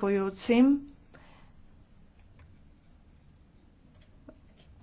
vystupujúcim.